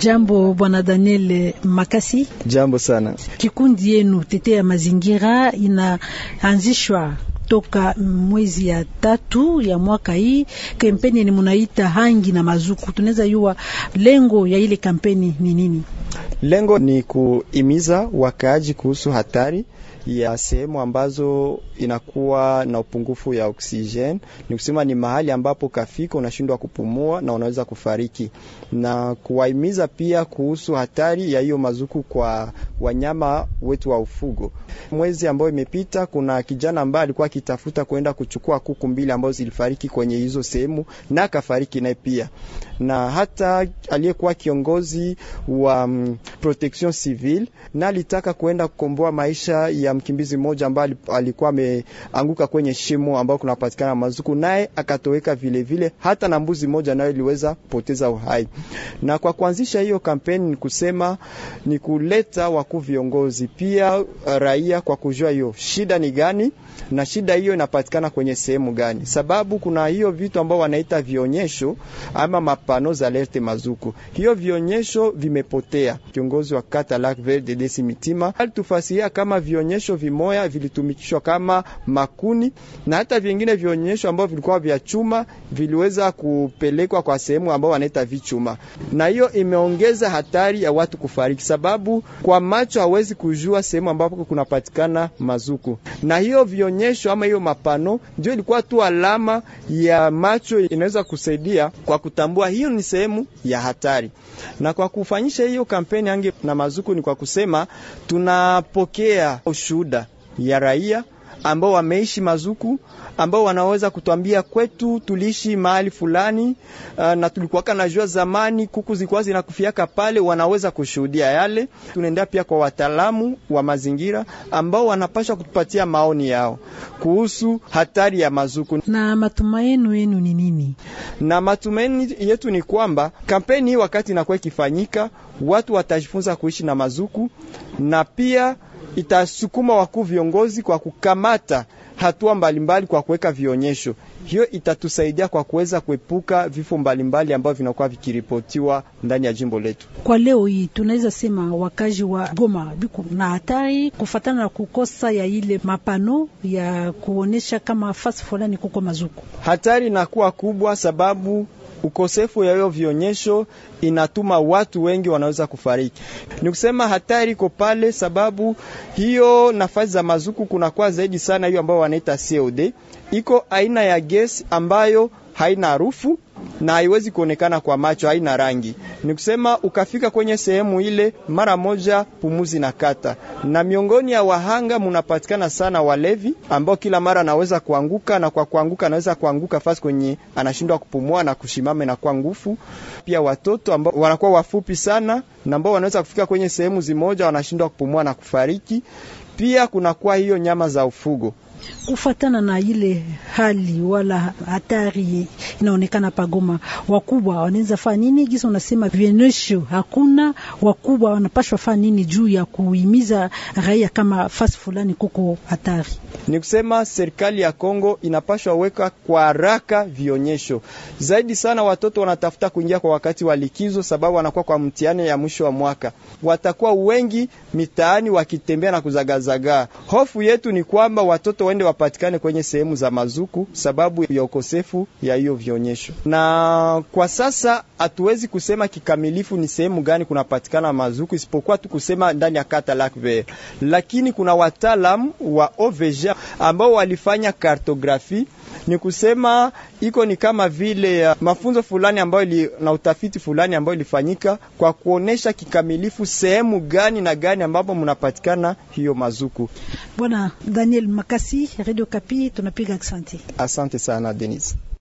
Jambo bwana Daniel Makasi. Jambo sana. Kikundi yenu Tetea ya Mazingira inaanzishwa toka mwezi ya tatu ya mwaka hii. Kampeni ni munaita hangi na mazuku, tunaweza yua lengo ya ile kampeni ni nini? Lengo ni kuimiza wakaaji kuhusu hatari ya sehemu ambazo inakuwa na upungufu ya oksijen Ni kusema ni mahali ambapo kafika unashindwa kupumua na unaweza kufariki, na kuwaimiza pia kuhusu hatari ya hiyo mazuku kwa wanyama wetu wa ufugo. Mwezi ambayo imepita, kuna kijana ambaye alikuwa akitafuta kwenda kuchukua kuku mbili ambazo zilifariki kwenye hizo sehemu na akafariki naye pia, na hata aliyekuwa kiongozi wa um, protection civile, na alitaka kuenda kukomboa maisha ya mkimbizi mmoja ambaye alikuwa ameanguka kwenye shimo ambao kunapatikana mazuku, naye akatoweka vile vile, hata na mbuzi moja nayo iliweza kupoteza uhai. Na kwa kuanzisha hiyo kampeni ni kusema ni kuleta wakuu viongozi pia raia kwa kujua hiyo shida ni gani na shida hiyo inapatikana kwenye sehemu gani, sababu kuna hiyo vitu ambao wanaita vionyesho ama mapano za alerte mazuku. Hiyo vionyesho vimepotea kiongozi wa kata Larvel de Desi Mitima alitufasia kama vionyesho vimoya vilitumikishwa kama makuni na hata vingine vionyesho ambao vilikuwa vya chuma viliweza kupelekwa kwa sehemu ambao wanaita vichuma, na hiyo imeongeza hatari ya watu kufariki, sababu kwa macho hawezi kujua sehemu ambapo kunapatikana mazuku, na hiyo vionyesho ama hiyo mapano ndio ilikuwa tu alama ya macho inaweza kusaidia kwa kutambua hiyo ni sehemu ya hatari, na kwa kufanyisha hiyo kampeni Kanyange na Mazuku ni kwa kusema tunapokea ushuhuda ya raia ambao wameishi Mazuku, ambao wanaweza kutwambia kwetu tuliishi mahali fulani, uh, na tulikuwaka jua zamani kuku zilikuwa zinakufiaka pale, wanaweza kushuhudia yale. tunaenda pia kwa wataalamu wa mazingira ambao wanapaswa kutupatia maoni yao kuhusu hatari ya mazuku. Na matumaini yenu ni nini? Na matumaini yetu ni kwamba kampeni hii wakati inakuwa ikifanyika, watu watajifunza kuishi na mazuku na pia itasukuma wakuu viongozi kwa kukamata hatua mbalimbali mbali kwa kuweka vionyesho. Hiyo itatusaidia kwa kuweza kuepuka vifo mbalimbali ambavyo vinakuwa vikiripotiwa ndani ya jimbo letu. Kwa leo hii tunaweza sema wakazi wa Goma biko na hatari kufatana na kukosa ya ile mapano ya kuonyesha kama fasi fulani kuko mazuku. Hatari inakuwa kubwa sababu Ukosefu ya hiyo vionyesho inatuma watu wengi wanaweza kufariki. Ni kusema hatari iko pale, sababu hiyo nafasi za mazuku kunakuwa zaidi sana, hiyo ambayo wanaita COD iko aina ya gesi ambayo haina harufu na haiwezi kuonekana kwa macho, haina rangi. Ni kusema ukafika kwenye sehemu ile mara moja pumuzi na kata. Na miongoni ya wahanga munapatikana sana walevi ambao kila mara anaweza kuanguka, na kwa kuanguka anaweza kuanguka fasi kwenye anashindwa kupumua na kushimama na kwa nguvu. Pia watoto ambao wanakuwa wafupi sana na ambao wanaweza kufika kwenye sehemu zimoja wanashindwa kupumua na kufariki. Pia kunakuwa hiyo nyama za ufugo kufatana na ile hali wala hatari inaonekana pagoma. Wakubwa wanaweza fanya nini? Gisa unasema vienesho hakuna, wakubwa wanapashwa fanya nini juu ya kuhimiza raia kama fasi fulani kuko hatari? Ni kusema serikali ya Kongo inapashwa weka kwa haraka vionyesho zaidi sana. Watoto wanatafuta kuingia kwa wakati wa likizo, sababu wanakuwa kwa mtihani ya mwisho wa mwaka, watakuwa wengi mitaani wakitembea na kuzagazagaa. Hofu yetu ni kwamba watoto waende wapatikane kwenye sehemu za mazuku, sababu ya ukosefu ya hiyo kionyesho, na kwa sasa hatuwezi kusema kikamilifu ni sehemu gani kunapatikana mazuku, isipokuwa tu kusema ndani ya kata Lac Vert, lakini kuna wataalamu wa OVG ambao walifanya kartografi ni kusema iko ni kama vile uh, mafunzo fulani ambayo ili, na utafiti fulani ambayo ilifanyika kwa kuonesha kikamilifu sehemu gani na gani ambapo mnapatikana hiyo mazuku. Bwana Daniel Makasi, Radio Kapi, tunapiga asante. Asante sana Denise.